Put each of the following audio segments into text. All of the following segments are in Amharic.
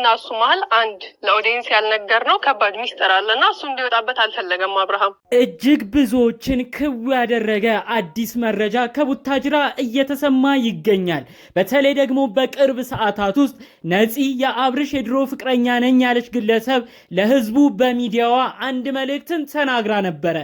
እኔና እሱ መሀል አንድ ለኦዲየንስ ያልነገር ነው ከባድ ሚስጥር አለ እሱ እንዲወጣበት አልፈለገም አብርሃም። እጅግ ብዙዎችን ክው ያደረገ አዲስ መረጃ ከቡታጅራ እየተሰማ ይገኛል። በተለይ ደግሞ በቅርብ ሰዓታት ውስጥ ነፂ የአብርሽ የድሮ ፍቅረኛ ነኝ ያለች ግለሰብ ለህዝቡ በሚዲያዋ አንድ መልእክትን ተናግራ ነበረ።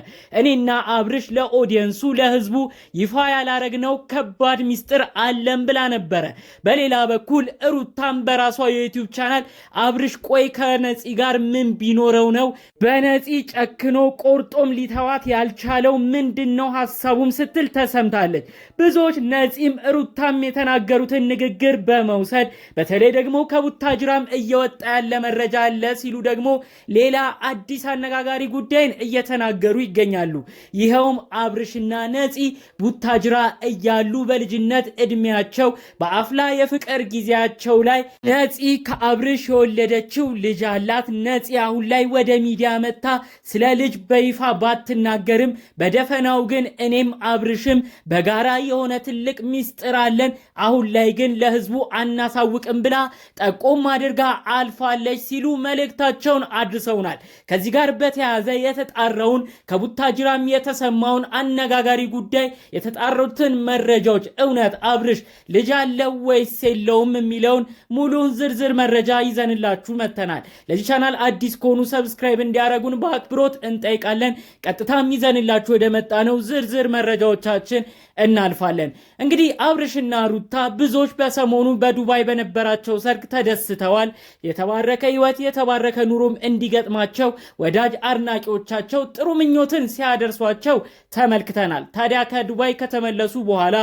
እኔና አብርሽ ለኦዲየንሱ ለህዝቡ ይፋ ያላረግነው ከባድ ሚስጥር አለን ብላ ነበረ። በሌላ በኩል ሩታም በራሷ የዩቲዩብ ቻናል አብርሽ ቆይ ከነፂ ጋር ምን ቢኖረው ነው በነፂ ጨክኖ ቆርጦም ሊተዋት ያልቻለው ምንድን ነው ሀሳቡም ስትል ተሰምታለች። ብዙዎች ነፂም ሩታም የተናገሩትን ንግግር በመውሰድ በተለይ ደግሞ ከቡታጅራም እየወጣ ያለ መረጃ አለ ሲሉ ደግሞ ሌላ አዲስ አነጋጋሪ ጉዳይን እየተናገሩ ይገኛሉ። ይኸውም አብርሽና ነፂ ቡታጅራ እያሉ በልጅነት እድሜያቸው በአፍላ የፍቅር ጊዜያቸው ላይ ነፂ ከአብርሽ ትንሽ የወለደችው ልጅ አላት። ነፂ አሁን ላይ ወደ ሚዲያ መጥታ ስለ ልጅ በይፋ ባትናገርም በደፈናው ግን እኔም አብርሽም በጋራ የሆነ ትልቅ ሚስጥር አለን፣ አሁን ላይ ግን ለህዝቡ አናሳውቅም ብላ ጠቆም አድርጋ አልፋለች ሲሉ መልእክታቸውን አድርሰውናል። ከዚህ ጋር በተያያዘ የተጣራውን ከቡታጅራም የተሰማውን አነጋጋሪ ጉዳይ የተጣሩትን መረጃዎች እውነት አብርሽ ልጅ አለው ወይስ የለውም የሚለውን ሙሉ ዝርዝር መረጃ ይዘንላችሁ መጥተናል። ለዚህ ቻናል አዲስ ከሆኑ ሰብስክራይብ እንዲያደረጉን በአክብሮት እንጠይቃለን። ቀጥታም ይዘንላችሁ ወደ ነው ዝርዝር መረጃዎቻችን እናልፋለን። እንግዲህ አብርሽና ሩታ ብዙዎች በሰሞኑ በዱባይ በነበራቸው ሰርግ ተደስተዋል። የተባረከ ህይወት የተባረከ ኑሮም እንዲገጥማቸው ወዳጅ አድናቂዎቻቸው ጥሩ ምኞትን ሲያደርሷቸው ተመልክተናል። ታዲያ ከዱባይ ከተመለሱ በኋላ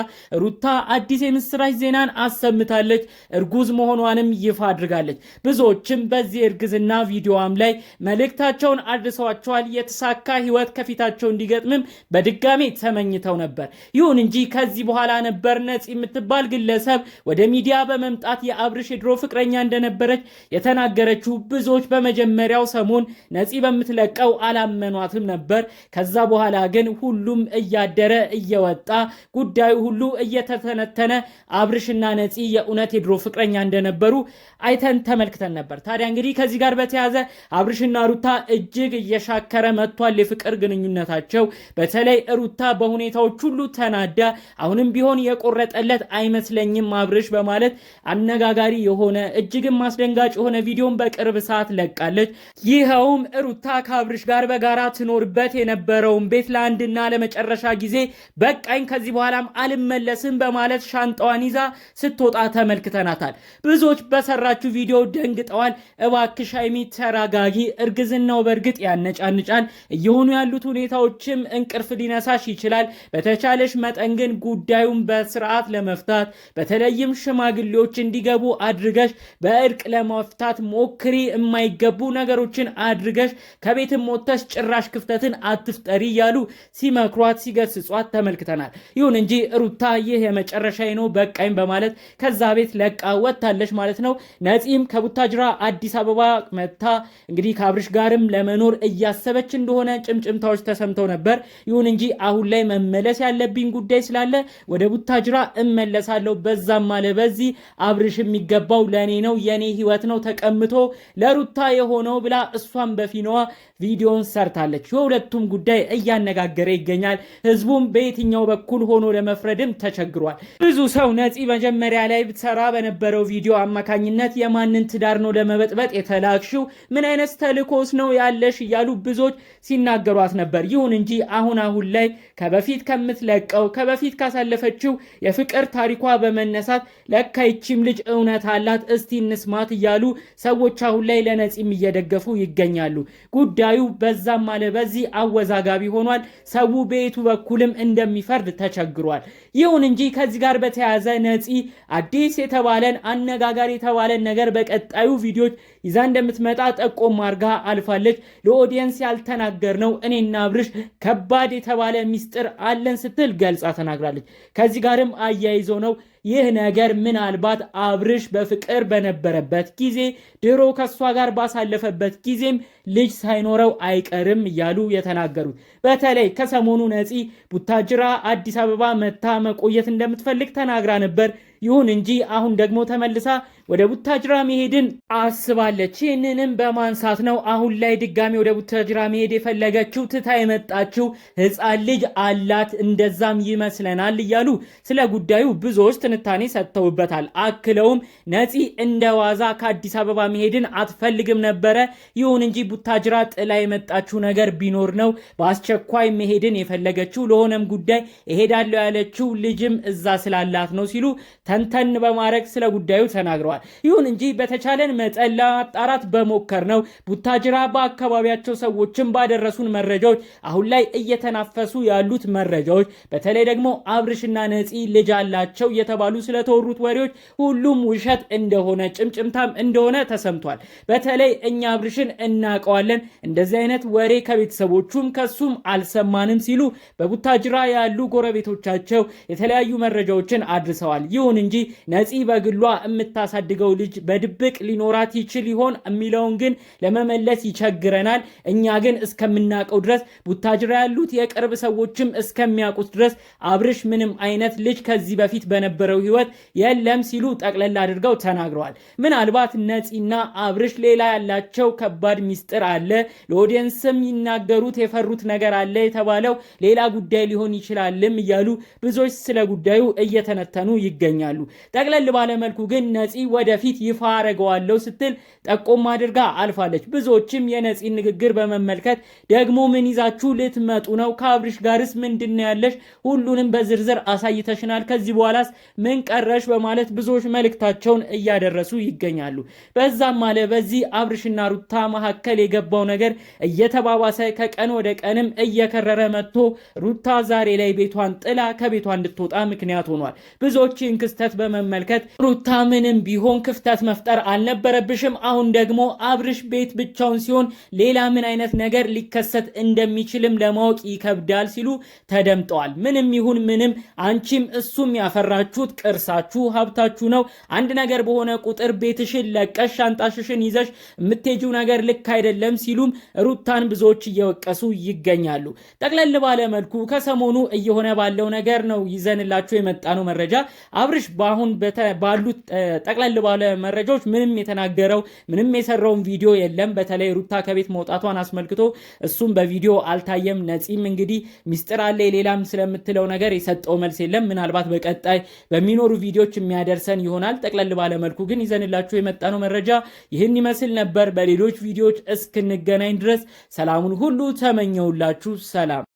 ሩታ አዲስ የምስራች ዜናን አሰምታለች። እርጉዝ መሆኗንም ይፋ አድርጋለች። ብዙዎችም በዚህ እርግዝና ቪዲዮዋም ላይ መልእክታቸውን አድርሰዋቸዋል። የተሳካ ህይወት ከፊታቸው እንዲገጥምም በድጋሜ ተመኝተው ነበር። ይሁን እንጂ ከዚህ በኋላ ነበር ነፂ የምትባል ግለሰብ ወደ ሚዲያ በመምጣት የአብርሽ የድሮ ፍቅረኛ እንደነበረች የተናገረችው። ብዙዎች በመጀመሪያው ሰሞን ነፂ በምትለቀው አላመኗትም ነበር። ከዛ በኋላ ግን ሁሉም እያደረ እየወጣ ጉዳዩ ሁሉ እየተተነተነ አብርሽና ነፂ የእውነት የድሮ ፍቅረኛ እንደነበሩ አይተን ተመ ተመልክተን ነበር። ታዲያ እንግዲህ ከዚህ ጋር በተያዘ አብርሽና ሩታ እጅግ እየሻከረ መጥቷል የፍቅር ግንኙነታቸው። በተለይ ሩታ በሁኔታዎች ሁሉ ተናዳ አሁንም ቢሆን የቆረጠለት አይመስለኝም አብርሽ በማለት አነጋጋሪ የሆነ እጅግም አስደንጋጭ የሆነ ቪዲዮን በቅርብ ሰዓት ለቃለች። ይኸውም ሩታ ከአብርሽ ጋር በጋራ ትኖርበት የነበረውን ቤት ለአንድና ለመጨረሻ ጊዜ በቃኝ፣ ከዚህ በኋላም አልመለስም በማለት ሻንጣዋን ይዛ ስትወጣ ተመልክተናታል። ብዙዎች በሰራችው ቪዲዮ ደንግጠዋል። እባክሽ ሀይሚ ተረጋጊ፣ እርግዝናው በእርግጥ ያነጫንጫል፣ እየሆኑ ያሉት ሁኔታዎችም እንቅልፍ ሊነሳሽ ይችላል። በተቻለሽ መጠን ግን ጉዳዩን በስርዓት ለመፍታት በተለይም ሽማግሌዎች እንዲገቡ አድርገሽ በእርቅ ለመፍታት ሞክሪ። የማይገቡ ነገሮችን አድርገሽ ከቤትም ሞተሽ ጭራሽ ክፍተትን አትፍጠሪ እያሉ ሲመክሯት ሲገስጿት ተመልክተናል። ይሁን እንጂ ሩታ ይህ የመጨረሻ ነው በቃኝ በማለት ከዛ ቤት ለቃ ወጥታለች ማለት ነው። ነፂም ከቡታጅራ አዲስ አበባ መታ እንግዲህ ከአብርሽ ጋርም ለመኖር እያሰበች እንደሆነ ጭምጭምታዎች ተሰምተው ነበር። ይሁን እንጂ አሁን ላይ መመለስ ያለብኝ ጉዳይ ስላለ ወደ ቡታጅራ እመለሳለሁ። በዛም አለ በዚህ አብርሽ የሚገባው ለእኔ ነው፣ የኔ ህይወት ነው ተቀምቶ ለሩታ የሆነው ብላ እሷን በፊነዋ። ቪዲዮን ሰርታለች። የሁለቱም ጉዳይ እያነጋገረ ይገኛል። ህዝቡም በየትኛው በኩል ሆኖ ለመፍረድም ተቸግሯል። ብዙ ሰው ነፂ መጀመሪያ ላይ ብትሰራ በነበረው ቪዲዮ አማካኝነት የማንን ትዳር ነው ለመበጥበጥ የተላክሽው? ምን አይነት ተልእኮስ ነው ያለሽ? እያሉ ብዙዎች ሲናገሯት ነበር። ይሁን እንጂ አሁን አሁን ላይ ከበፊት ከምትለቀው ከበፊት ካሳለፈችው የፍቅር ታሪኳ በመነሳት ለካ ይቺም ልጅ እውነት አላት፣ እስቲ እንስማት እያሉ ሰዎች አሁን ላይ ለነፂም እየደገፉ ይገኛሉ ጉዳዩ ጉዳዩ በዛም አለ በዚህ አወዛጋቢ ሆኗል። ሰው ቤቱ በኩልም እንደሚፈርድ ተቸግሯል። ይሁን እንጂ ከዚህ ጋር በተያያዘ ነፂ አዲስ የተባለን አነጋጋሪ የተባለን ነገር በቀጣዩ ቪዲዮች ይዛ እንደምትመጣ ጠቆም አርጋ አልፋለች። ለኦዲየንስ ነው እኔና አብርሽ ከባድ የተባለ ሚስጥር አለን ስትል ገልጻ ተናግራለች። ከዚህ ጋርም አያይዞ ነው ይህ ነገር ምናልባት አብርሽ በፍቅር በነበረበት ጊዜ ድሮ ከእሷ ጋር ባሳለፈበት ጊዜም ልጅ ሳይኖረው አይቀርም እያሉ የተናገሩት በተለይ ከሰሞኑ ነፂ ቡታጅራ አዲስ አበባ መታ መቆየት እንደምትፈልግ ተናግራ ነበር። ይሁን እንጂ አሁን ደግሞ ተመልሳ ወደ ቡታጅራ መሄድን አስባለች። ይህንንም በማንሳት ነው አሁን ላይ ድጋሚ ወደ ቡታጅራ መሄድ የፈለገችው። ትታ የመጣችው ህፃን ልጅ አላት እንደዛም ይመስለናል እያሉ ስለ ጉዳዩ ብዙዎች ትንታኔ ሰጥተውበታል። አክለውም ነፂ እንደ ዋዛ ከአዲስ አበባ መሄድን አትፈልግም ነበረ። ይሁን እንጂ ቡታጅራ ጥላ የመጣችው ነገር ቢኖር ነው በአስቸኳይ መሄድን የፈለገችው። ለሆነም ጉዳይ እሄዳለሁ ያለችው ልጅም እዛ ስላላት ነው ሲሉ ተንተን በማድረግ ስለ ጉዳዩ ተናግረዋል። ይሁን እንጂ በተቻለን መጠን ለማጣራት በሞከር ነው ቡታጅራ በአካባቢያቸው ሰዎችን ባደረሱን መረጃዎች አሁን ላይ እየተናፈሱ ያሉት መረጃዎች በተለይ ደግሞ አብርሽና ነፂ ልጅ አላቸው የተባሉ ስለተወሩት ወሬዎች ሁሉም ውሸት እንደሆነ ጭምጭምታም እንደሆነ ተሰምቷል። በተለይ እኛ አብርሽን እናውቀዋለን፣ እንደዚህ አይነት ወሬ ከቤተሰቦቹም ከሱም አልሰማንም ሲሉ በቡታጅራ ያሉ ጎረቤቶቻቸው የተለያዩ መረጃዎችን አድርሰዋል። ይሁን እንጂ ነፂ በግሏ የምታሳድገው ልጅ በድብቅ ሊኖራት ይችል ይሆን የሚለውን ግን ለመመለስ ይቸግረናል። እኛ ግን እስከምናውቀው ድረስ ቡታጅራ ያሉት የቅርብ ሰዎችም እስከሚያውቁት ድረስ አብርሽ ምንም አይነት ልጅ ከዚህ በፊት በነበረው ህይወት የለም ሲሉ ጠቅለል አድርገው ተናግረዋል። ምናልባት ነፂና አብርሽ ሌላ ያላቸው ከባድ ሚስጥር አለ፣ ለኦዲየንስም ይናገሩት የፈሩት ነገር አለ የተባለው ሌላ ጉዳይ ሊሆን ይችላልም እያሉ ብዙዎች ስለ ጉዳዩ እየተነተኑ ይገኛል። ይገኛሉ። ጠቅለል ባለመልኩ ግን ነፂ ወደፊት ይፋ አረገዋለሁ ስትል ጠቆም አድርጋ አልፋለች። ብዙዎችም የነፂን ንግግር በመመልከት ደግሞ ምን ይዛችሁ ልትመጡ ነው? ከአብርሽ ጋርስ ምንድን ያለሽ? ሁሉንም በዝርዝር አሳይተሽናል። ከዚህ በኋላስ ምን ቀረሽ? በማለት ብዙዎች መልእክታቸውን እያደረሱ ይገኛሉ። በዛም ማለ በዚህ አብርሽና ሩታ መካከል የገባው ነገር እየተባባሰ ከቀን ወደ ቀንም እየከረረ መጥቶ ሩታ ዛሬ ላይ ቤቷን ጥላ ከቤቷ እንድትወጣ ምክንያት ሆኗል። ብዙዎች ክስተት በመመልከት ሩታ ምንም ቢሆን ክፍተት መፍጠር አልነበረብሽም። አሁን ደግሞ አብርሽ ቤት ብቻውን ሲሆን ሌላ ምን አይነት ነገር ሊከሰት እንደሚችልም ለማወቅ ይከብዳል ሲሉ ተደምጠዋል። ምንም ይሁን ምንም አንቺም እሱም ያፈራችሁት ቅርሳችሁ ሀብታችሁ ነው። አንድ ነገር በሆነ ቁጥር ቤትሽን ለቀሽ ሻንጣሽሽን ይዘሽ የምትሄጂው ነገር ልክ አይደለም ሲሉም ሩታን ብዙዎች እየወቀሱ ይገኛሉ። ጠቅለል ባለ መልኩ ከሰሞኑ እየሆነ ባለው ነገር ነው ይዘንላችሁ የመጣነው መረጃ አብርሽ ቡድኖች በአሁን ባሉት ጠቅለል ባለ መረጃዎች ምንም የተናገረው ምንም የሰራውን ቪዲዮ የለም። በተለይ ሩታ ከቤት መውጣቷን አስመልክቶ እሱም በቪዲዮ አልታየም። ነፂም እንግዲህ ሚስጥር አለ ሌላም ስለምትለው ነገር የሰጠው መልስ የለም። ምናልባት በቀጣይ በሚኖሩ ቪዲዮዎች የሚያደርሰን ይሆናል። ጠቅለል ባለ መልኩ ግን ይዘንላችሁ የመጣነው መረጃ ይህን ይመስል ነበር። በሌሎች ቪዲዮዎች እስክንገናኝ ድረስ ሰላሙን ሁሉ ተመኘውላችሁ። ሰላም